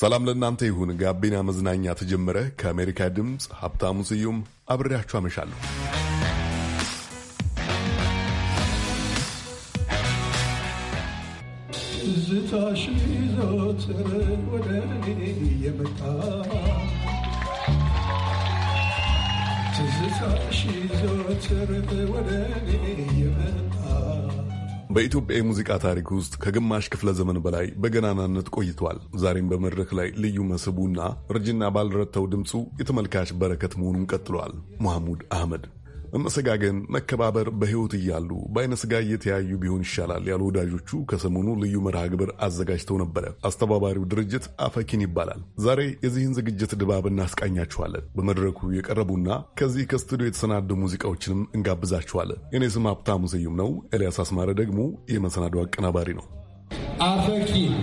ሰላም ለእናንተ ይሁን። ጋቢና መዝናኛ ተጀመረ። ከአሜሪካ ድምፅ ሀብታሙ ስዩም አብሬያችሁ አመሻለሁ። ወደ እኔ ትዝታሽ ወደ እኔ በኢትዮጵያ የሙዚቃ ታሪክ ውስጥ ከግማሽ ክፍለ ዘመን በላይ በገናናነት ቆይቷል። ዛሬም በመድረክ ላይ ልዩ መስህቡና እርጅና ባልረተው ድምፁ የተመልካች በረከት መሆኑን ቀጥሏል። መሐሙድ አህመድ መመሰጋገን፣ መከባበር በሕይወት እያሉ በአይነ ስጋ እየተያዩ ቢሆን ይሻላል ያሉ ወዳጆቹ ከሰሞኑ ልዩ መርሃ ግብር አዘጋጅተው ነበረ። አስተባባሪው ድርጅት አፈኪን ይባላል። ዛሬ የዚህን ዝግጅት ድባብ እናስቃኛችኋለን። በመድረኩ የቀረቡና ከዚህ ከስቱዲዮ የተሰናዱ ሙዚቃዎችንም እንጋብዛችኋለን። እኔ ስም ሀብታሙ ስዩም ነው። ኤልያስ አስማረ ደግሞ የመሰናዶ አቀናባሪ ነው። አፈኪን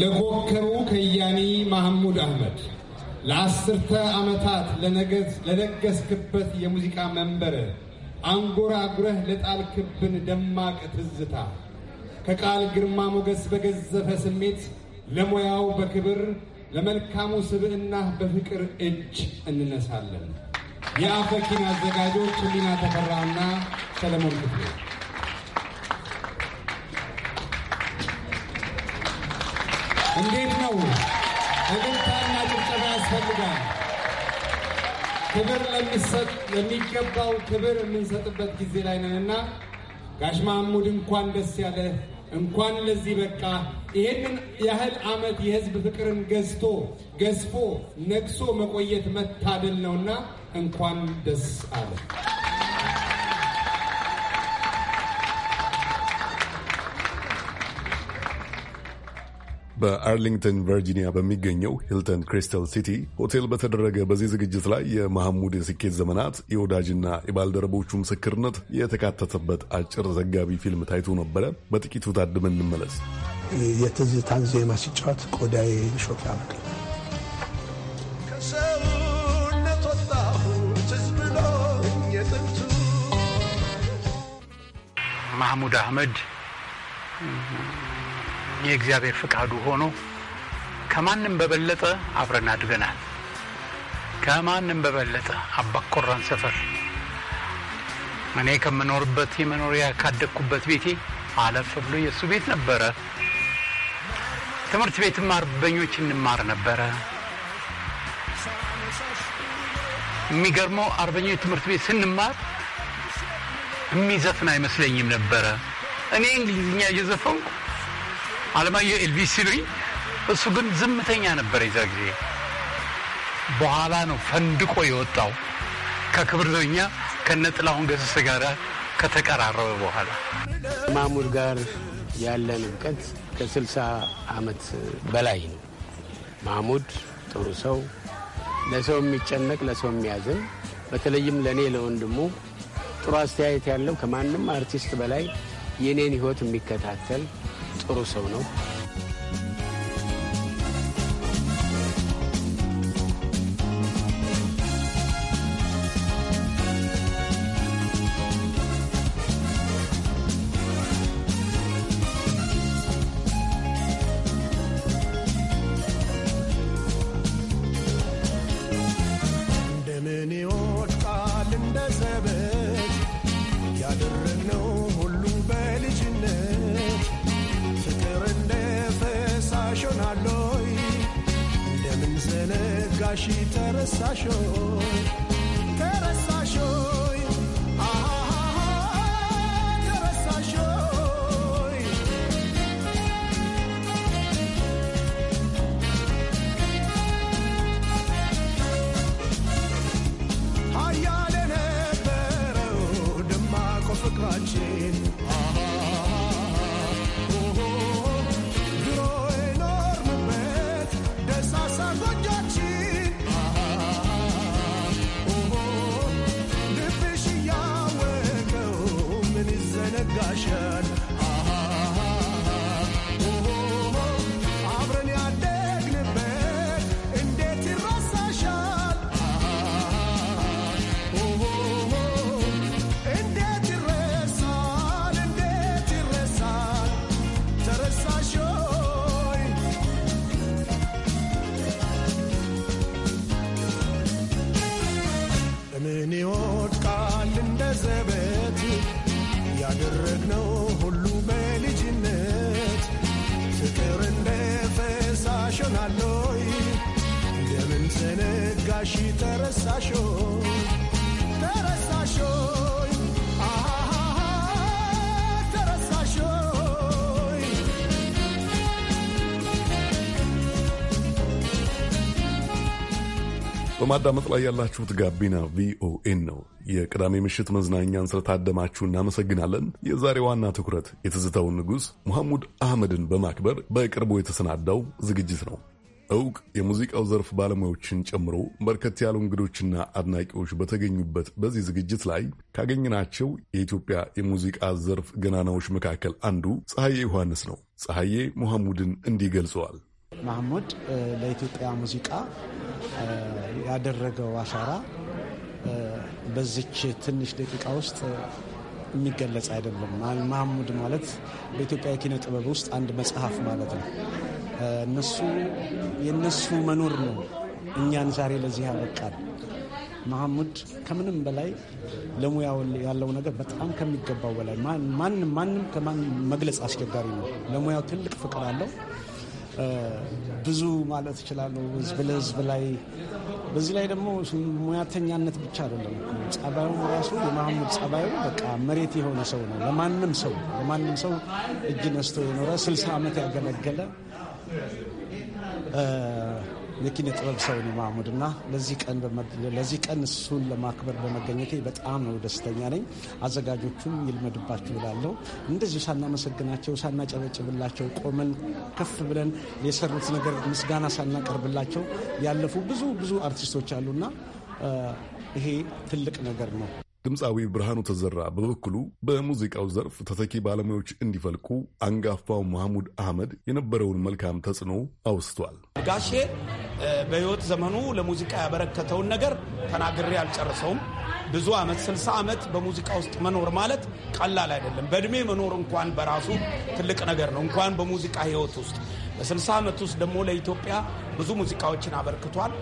ለኮከሩ ከያኒ ማህሙድ አህመድ ለአስርተ ዓመታት ለለገስክበት የሙዚቃ መንበር አንጎራጉረህ ለጣልክብን ደማቅ ትዝታ ከቃል ግርማ ሞገስ በገዘፈ ስሜት ለሙያው በክብር ለመልካሙ ስብዕና በፍቅር እጅ እንነሳለን። የአፈኪን አዘጋጆች ሊና ተፈራና ሰለሞን ክፍሌ። እንዴት ነው ያስፈልጋል። ክብር ለሚገባው ክብር የምንሰጥበት ጊዜ ላይ ነን እና ጋሽ ማህሙድ እንኳን ደስ ያለ እንኳን ለዚህ በቃ ይህንን ያህል ዓመት የህዝብ ፍቅርን ገዝቶ ገዝፎ ነግሶ መቆየት መታደል ነውና እንኳን ደስ አለ። በአርሊንግተን ቨርጂኒያ በሚገኘው ሂልተን ክሪስታል ሲቲ ሆቴል በተደረገ በዚህ ዝግጅት ላይ የመሐሙድ የስኬት ዘመናት የወዳጅና የባልደረቦቹ ምስክርነት የተካተተበት አጭር ዘጋቢ ፊልም ታይቶ ነበረ። በጥቂቱ ታድመን እንመለስ። የትዝታን ዜማ ሲጫወት ቆዳዬ ሾክ ያደርጋል። ማህሙድ አህመድ የእግዚአብሔር ፍቃዱ ሆኖ ከማንም በበለጠ አብረን አድገናል። ከማንም በበለጠ አባኮራን ሰፈር እኔ ከምኖርበት የመኖሪያ ካደግኩበት ቤቴ አለፍ ብሎ የእሱ ቤት ነበረ። ትምህርት ቤትም አርበኞች እንማር ነበረ። የሚገርመው አርበኞች ትምህርት ቤት ስንማር የሚዘፍን አይመስለኝም ነበረ። እኔ እንግሊዝኛ እየዘፈንኩ አለማየሁ ኤልቪስ ሲሉኝ፣ እሱ ግን ዝምተኛ ነበር የዛ ጊዜ። በኋላ ነው ፈንድቆ የወጣው ከክብር ዘበኛ ከነጥላሁን ገሰሰ ጋር ከተቀራረበ በኋላ ማሙድ ጋር ያለን እብቀት ከ60 ዓመት በላይ ነው። ማሙድ ጥሩ ሰው፣ ለሰው የሚጨነቅ ለሰው የሚያዝን፣ በተለይም ለእኔ ለወንድሙ ጥሩ አስተያየት ያለው ከማንም አርቲስት በላይ የእኔን ሕይወት የሚከታተል ጥሩ ሰው ነው። ተረሳሽ በማዳመጥ ላይ ያላችሁት ጋቢና ቪኦኤን ነው። የቅዳሜ ምሽት መዝናኛን ስለታደማችሁ እናመሰግናለን። የዛሬ ዋና ትኩረት የትዝታውን ንጉሥ መሐሙድ አህመድን በማክበር በቅርቡ የተሰናዳው ዝግጅት ነው። እውቅ የሙዚቃው ዘርፍ ባለሙያዎችን ጨምሮ በርከት ያሉ እንግዶችና አድናቂዎች በተገኙበት በዚህ ዝግጅት ላይ ካገኘናቸው የኢትዮጵያ የሙዚቃ ዘርፍ ገናናዎች መካከል አንዱ ፀሐዬ ዮሐንስ ነው። ፀሐዬ መሐሙድን እንዲህ ገልጸዋል። መሐሙድ ለኢትዮጵያ ሙዚቃ ያደረገው አሻራ በዚች ትንሽ ደቂቃ ውስጥ የሚገለጽ አይደለም። መሐሙድ ማለት በኢትዮጵያ የኪነ ጥበብ ውስጥ አንድ መጽሐፍ ማለት ነው። እነሱ የእነሱ መኖር ነው እኛን ዛሬ ለዚህ ያበቃል። መሐሙድ ከምንም በላይ ለሙያው ያለው ነገር በጣም ከሚገባው በላይ ማንም ማንም ከማን መግለጽ አስቸጋሪ ነው። ለሙያው ትልቅ ፍቅር አለው። ብዙ ማለት እችላለሁ ህዝብ ለህዝብ ላይ። በዚህ ላይ ደግሞ ሙያተኛነት ብቻ አይደለም፣ ጸባዩ ራሱ የመሐሙድ ጸባዩ በቃ መሬት የሆነ ሰው ነው። ለማንም ሰው ለማንም ሰው እጅ ነስቶ የኖረ ስልሳ ዓመት ያገለገለ የኪነ ጥበብ ሰው ነው ማህሙድ እና ለዚህ ቀን እሱን ለማክበር በመገኘቴ በጣም ነው ደስተኛ ነኝ። አዘጋጆቹም ይልመድባችሁ እላለሁ። እንደዚሁ ሳናመሰግናቸው ሳናጨበጭብላቸው ቆመን ከፍ ብለን የሰሩት ነገር ምስጋና ሳናቀርብላቸው ያለፉ ብዙ ብዙ አርቲስቶች አሉና ይሄ ትልቅ ነገር ነው። ድምፃዊ ብርሃኑ ተዘራ በበኩሉ በሙዚቃው ዘርፍ ተተኪ ባለሙያዎች እንዲፈልቁ አንጋፋው መሐሙድ አህመድ የነበረውን መልካም ተጽዕኖ አውስቷል። ጋሼ በሕይወት ዘመኑ ለሙዚቃ ያበረከተውን ነገር ተናግሬ አልጨርሰውም። ብዙ ዓመት ስልሳ ዓመት በሙዚቃ ውስጥ መኖር ማለት ቀላል አይደለም። በእድሜ መኖር እንኳን በራሱ ትልቅ ነገር ነው፣ እንኳን በሙዚቃ ሕይወት ውስጥ በስልሳ ዓመት ውስጥ ደግሞ ለኢትዮጵያ ብዙ ሙዚቃዎችን አበርክቷል።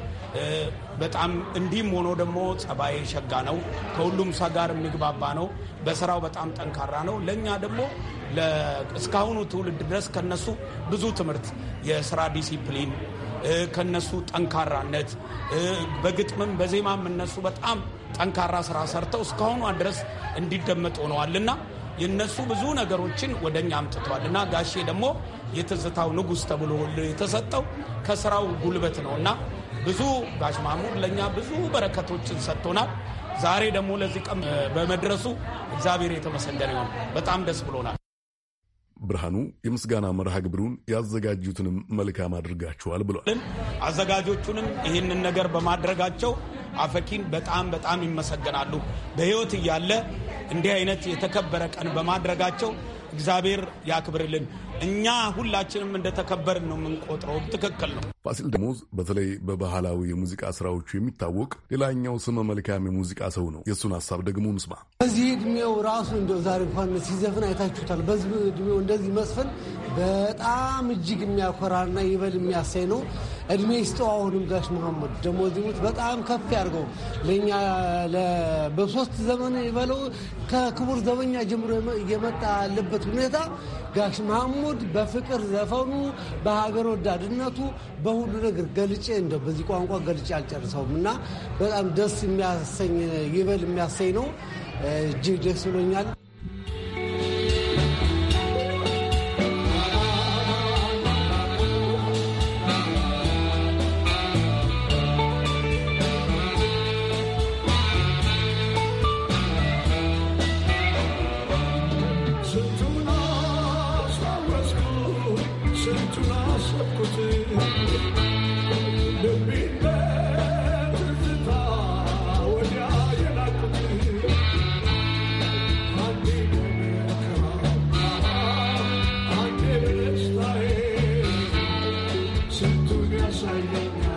በጣም እንዲህም ሆኖ ደግሞ ጸባዬ ሸጋ ነው። ከሁሉም ሰው ጋር የሚግባባ ነው። በስራው በጣም ጠንካራ ነው። ለእኛ ደግሞ እስካሁኑ ትውልድ ድረስ ከነሱ ብዙ ትምህርት የስራ ዲሲፕሊን ከነሱ ጠንካራነት በግጥምም በዜማም እነሱ በጣም ጠንካራ ስራ ሰርተው እስካሁኗ ድረስ እንዲደመጥ ሆነዋልና የነሱ ብዙ ነገሮችን ወደኛ አምጥተዋል እና ጋሼ ደግሞ የትዝታው ንጉሥ ተብሎ የተሰጠው ከስራው ጉልበት ነው እና ብዙ ጋሽ ማሙድ ለእኛ ብዙ በረከቶችን ሰጥቶናል። ዛሬ ደግሞ ለዚህ ቀን በመድረሱ እግዚአብሔር የተመሰገነ ይሁን። በጣም ደስ ብሎናል። ብርሃኑ የምስጋና መርሃ ግብሩን ያዘጋጁትንም መልካም አድርጋችኋል ብሏል። አዘጋጆቹንም ይህንን ነገር በማድረጋቸው አፈኪን በጣም በጣም ይመሰገናሉ። በህይወት እያለ እንዲህ አይነት የተከበረ ቀን በማድረጋቸው እግዚአብሔር ያክብርልን። እኛ ሁላችንም እንደተከበርን ነው የምንቆጥረው። ትክክል ነው። ፋሲል ደሞዝ በተለይ በባህላዊ የሙዚቃ ስራዎቹ የሚታወቅ ሌላኛው ስመ መልካም የሙዚቃ ሰው ነው። የእሱን ሀሳብ ደግሞ እንስማ። በዚህ እድሜው ራሱ እንደው ዛሬ እንኳን ሲዘፍን አይታችሁታል። በዚህ እድሜው እንደዚህ መስፈን በጣም እጅግ የሚያኮራና ይበል የሚያሳይ ነው። እድሜ ይስጠው። አሁንም ጋሽ መሐመድ ደሞዝ ዚሙት በጣም ከፍ ያድርገው። ለእኛ በሶስት ዘመን የበለው ከክቡር ዘበኛ ጀምሮ የመጣ ያለበት ሁኔታ ጋሽ መሐሙድ በፍቅር ዘፈኑ፣ በሀገር ወዳድነቱ፣ በሁሉ ነገር ገልጬ እንደው በዚህ ቋንቋ ገልጬ አልጨርሰውም እና በጣም ደስ የሚያሰኝ ይበል የሚያሰኝ ነው። እጅግ ደስ ብሎኛል። you.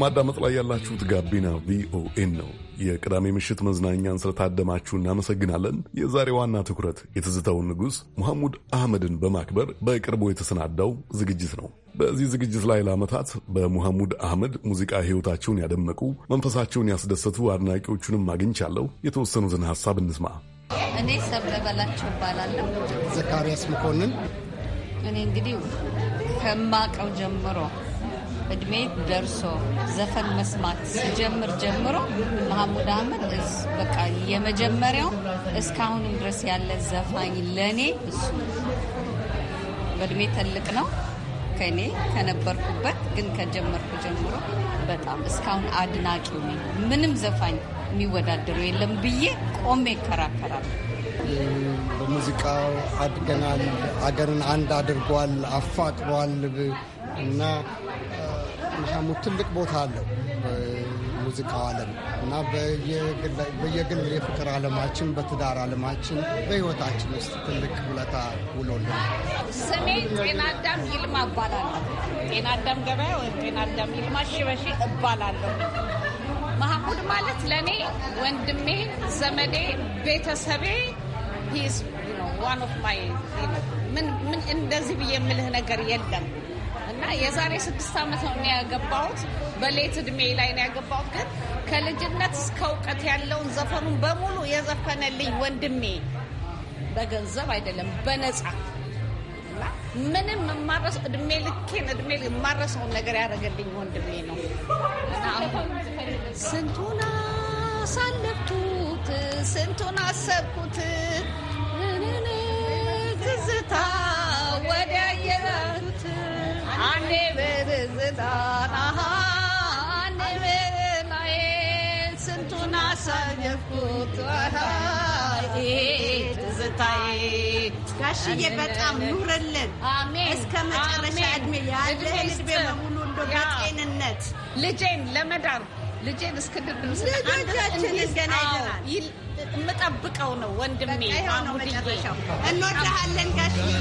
በማዳመጥ ላይ ያላችሁት ጋቢና ቪኦኤን ነው። የቅዳሜ ምሽት መዝናኛን ስለታደማችሁ እናመሰግናለን። የዛሬ ዋና ትኩረት የትዝታውን ንጉሥ መሐሙድ አህመድን በማክበር በቅርቡ የተሰናዳው ዝግጅት ነው። በዚህ ዝግጅት ላይ ለዓመታት በሙሐሙድ አህመድ ሙዚቃ ሕይወታቸውን ያደመቁ፣ መንፈሳቸውን ያስደሰቱ አድናቂዎቹንም አግኝቻለሁ። የተወሰኑትን ሐሳብ እንስማ። እኔ ሰብለ በላቸው እባላለሁ። ዘካርያስ መኮንን። እኔ እንግዲህ ከማቀው ጀምሮ እድሜ ደርሶ ዘፈን መስማት ሲጀምር ጀምሮ መሐሙድ አህመድ በቃ የመጀመሪያው እስካሁንም ድረስ ያለ ዘፋኝ ለእኔ እሱ በእድሜ ትልቅ ነው ከእኔ ከነበርኩበት ግን ከጀመርኩ ጀምሮ በጣም እስካሁን አድናቂው ነኝ። ምንም ዘፋኝ የሚወዳደሩ የለም ብዬ ቆሜ ይከራከራል። በሙዚቃው አድገናል፣ አገርን አንድ አድርጓል፣ አፋቅሯል እና መሐሙድ ትልቅ ቦታ አለው ሙዚቃ ዓለም እና በየግል የፍቅር ዓለማችን፣ በትዳር ዓለማችን፣ በህይወታችን ውስጥ ትልቅ ውለታ ውሎልን። ስሜ ጤና አዳም ይልማ እባላለሁ። ጤናዳም ገበያ ወይም ጤናዳም ይልማ ሽበሺ እባላለሁ። መሐሙድ ማለት ለእኔ ወንድሜ፣ ዘመዴ፣ ቤተሰቤ ዋን ኦፍ ማይ ምን ምን እንደዚህ ብዬ የምልህ ነገር የለም። እና የዛሬ ስድስት ዓመት ነው ያገባሁት። በሌት እድሜ ላይ ነው ያገባሁት። ግን ከልጅነት እስከ እውቀት ያለውን ዘፈኑን በሙሉ የዘፈነልኝ ወንድሜ በገንዘብ አይደለም በነፃ ምንም የማረስ እድሜ ልኬን እድሜ የማረሰውን ነገር ያደረገልኝ ወንድሜ ነው። ስንቱን አሳለፍኩት፣ ስንቱን አሰብኩት፣ ትዝታ ወደ ስንቱን አሳየፍኩት ትዝታዬ ጋሽዬ በጣም ኑርልን እስከ መጨረሻ እድሜ ያለህን እድሜ በሙሉ እንደ በጤንነት ልጄን ለመዳር ልጄን እስክንድር ድምስ የምጠብቀው ነው ወንድሜ። እንወድሃለን ጋሽዬ።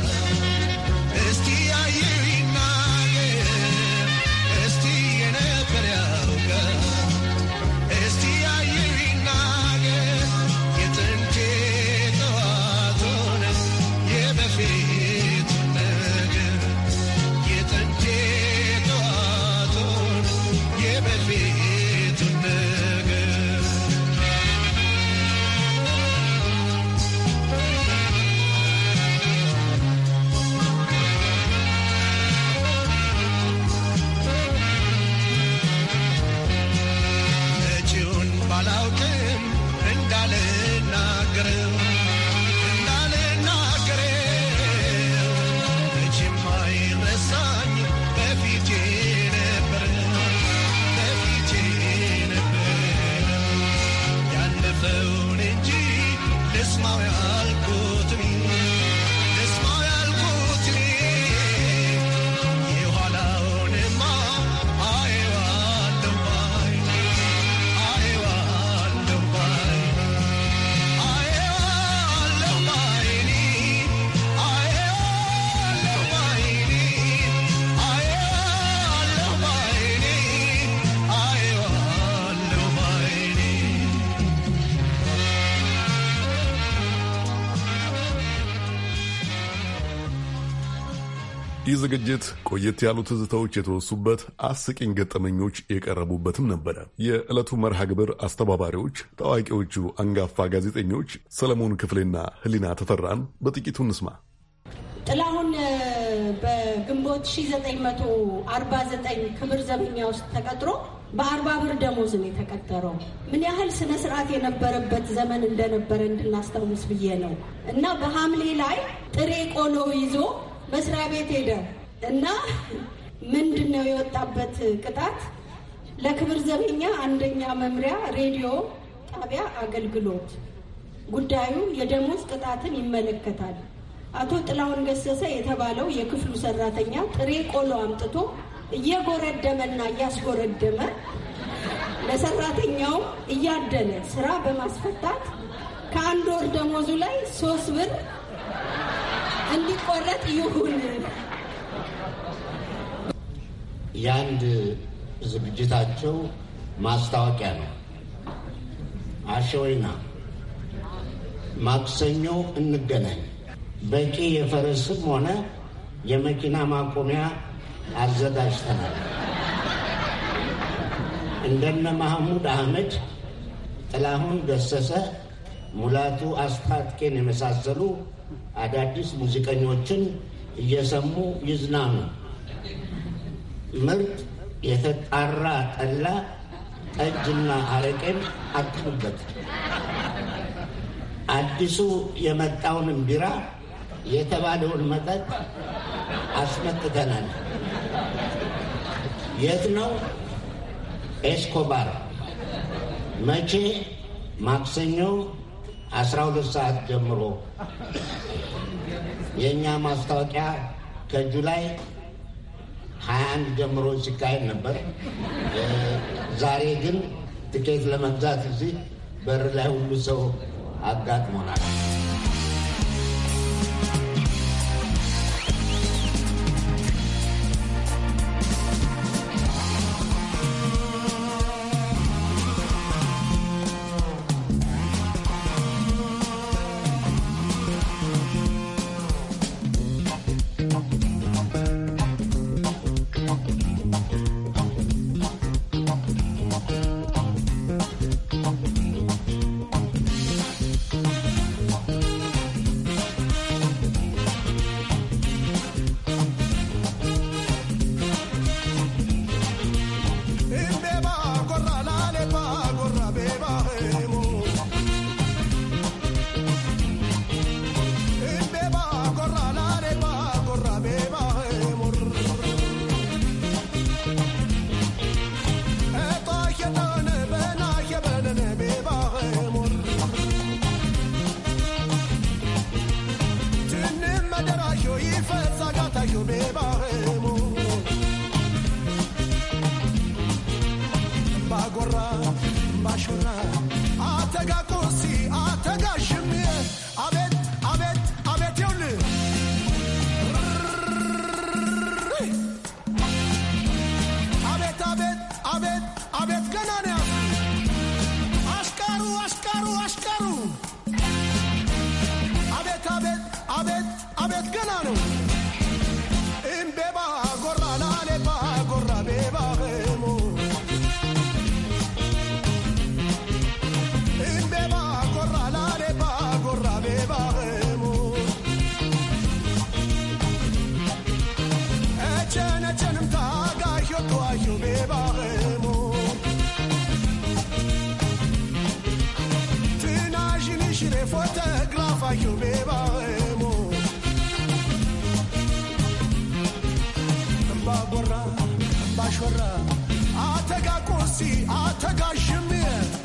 ይህ ዝግጅት ቆየት ያሉ ትዝታዎች የተወሱበት አስቂኝ ገጠመኞች የቀረቡበትም ነበረ። የዕለቱ መርሃ ግብር አስተባባሪዎች ታዋቂዎቹ አንጋፋ ጋዜጠኞች ሰለሞን ክፍሌና ህሊና ተፈራን በጥቂቱ እንስማ። ጥላሁን በግንቦት 1949 ክብር ዘበኛ ውስጥ ተቀጥሮ በአርባ ብር ደሞዝ ነው የተቀጠረው። ምን ያህል ስነ ስርዓት የነበረበት ዘመን እንደነበረ እንድናስታውስ ብዬ ነው እና በሐምሌ ላይ ጥሬ ቆሎ ይዞ መስሪያ ቤት ሄደ እና ምንድን ነው የወጣበት ቅጣት? ለክብር ዘበኛ አንደኛ መምሪያ ሬዲዮ ጣቢያ አገልግሎት ጉዳዩ የደሞዝ ቅጣትን ይመለከታል። አቶ ጥላሁን ገሰሰ የተባለው የክፍሉ ሰራተኛ ጥሬ ቆሎ አምጥቶ እየጎረደመና እያስጎረደመ ለሰራተኛው እያደለ ስራ በማስፈታት ከአንድ ወር ደሞዙ ላይ ሶስት ብር እንዲቆረጥ ይሁን። የአንድ ዝግጅታቸው ማስታወቂያ ነው። አሸወይና ማክሰኞ እንገናኝ። በቂ የፈረስም ሆነ የመኪና ማቆሚያ አዘጋጅተናል። እንደነ ማህሙድ አህመድ፣ ጥላሁን ገሰሰ፣ ሙላቱ አስታጥቄን የመሳሰሉ አዳዲስ ሙዚቀኞችን እየሰሙ ይዝናኑ። ምርጥ የተጣራ ጠላ፣ ጠጅና አረቄም አቅኑበት። አዲሱ የመጣውንም ቢራ የተባለውን መጠጥ አስመጥተናል። የት ነው? ኤስኮባር። መቼ? ማክሰኞ አስራ ሁለት ሰዓት ጀምሮ የእኛ ማስታወቂያ ከጁላይ ሀያ አንድ ጀምሮ ሲካሄድ ነበር። ዛሬ ግን ትኬት ለመግዛት እዚህ በር ላይ ሁሉ ሰው አጋጥሞናል። Cine fotografa iubiva emo Mba borra, mba shorra Atega kursi, atega shimie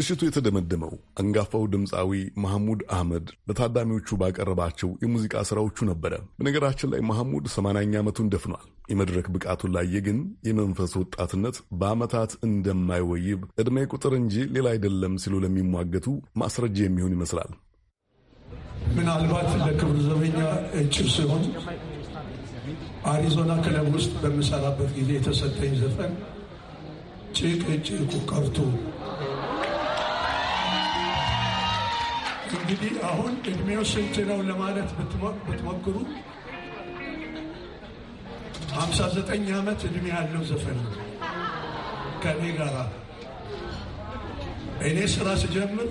ምሽቱ የተደመደመው አንጋፋው ድምፃዊ መሐሙድ አህመድ ለታዳሚዎቹ ባቀረባቸው የሙዚቃ ስራዎቹ ነበረ። በነገራችን ላይ መሐሙድ 8ኛ ዓመቱን ደፍኗል። የመድረክ ብቃቱን ላየ ግን የመንፈስ ወጣትነት በዓመታት እንደማይወይብ ዕድሜ ቁጥር እንጂ ሌላ አይደለም ሲሉ ለሚሟገቱ ማስረጃ የሚሆን ይመስላል። ምናልባት ለክብር ዘበኛ እጩ ሲሆን አሪዞና ክለብ ውስጥ በምሰራበት ጊዜ የተሰጠኝ ዘፈን ጭቁ ቀርቶ እንግዲህ አሁን እድሜው ስንት ነው ለማለት ብትሞክሩ 59 ዓመት እድሜ ያለው ዘፈን ነው። ከእኔ ጋር እኔ ስራ ስጀምር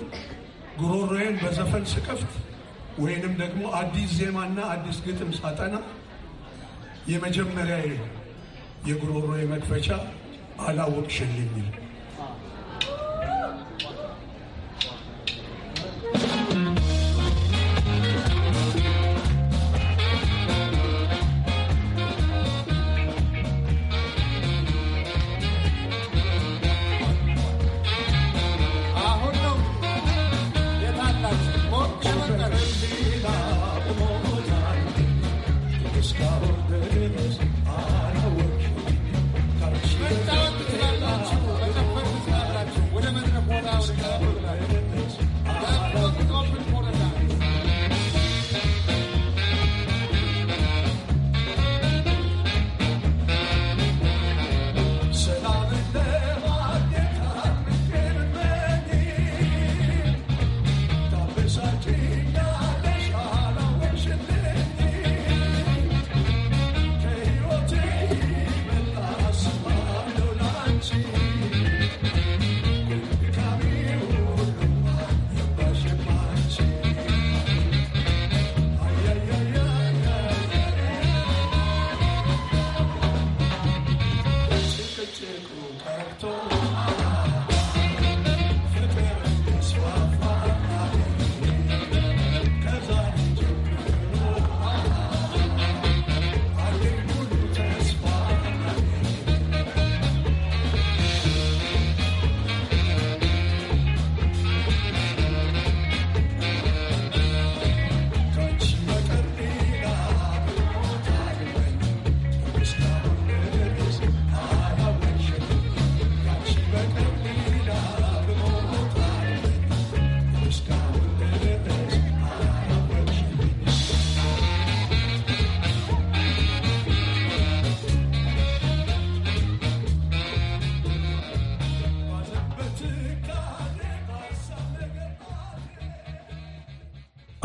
ጉሮሮዬን በዘፈን ስከፍት ወይንም ደግሞ አዲስ ዜማና አዲስ ግጥም ሳጠና የመጀመሪያ የጉሮሮዬ መክፈቻ አላወቅሽልኝ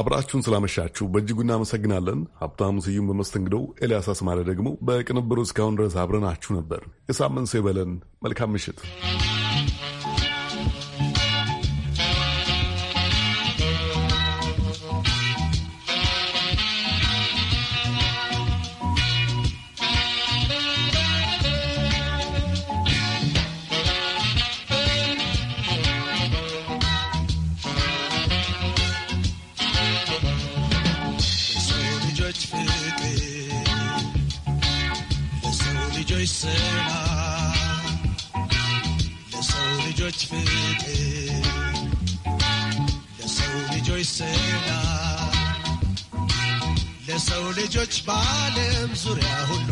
አብራችሁን ስላመሻችሁ በእጅጉ እናመሰግናለን። ሀብታሙ ስዩም በመስተንግዶው፣ ኤልያስ አስማሪ ደግሞ በቅንብሩ እስካሁን ድረስ አብረናችሁ ነበር። የሳምንት ሰው ይበለን። መልካም ምሽት። ልጆች በዓለም ዙሪያ ሁሉ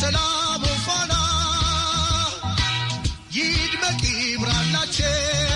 የሰላሙ ፋና ይድመቅ ይብራላቸው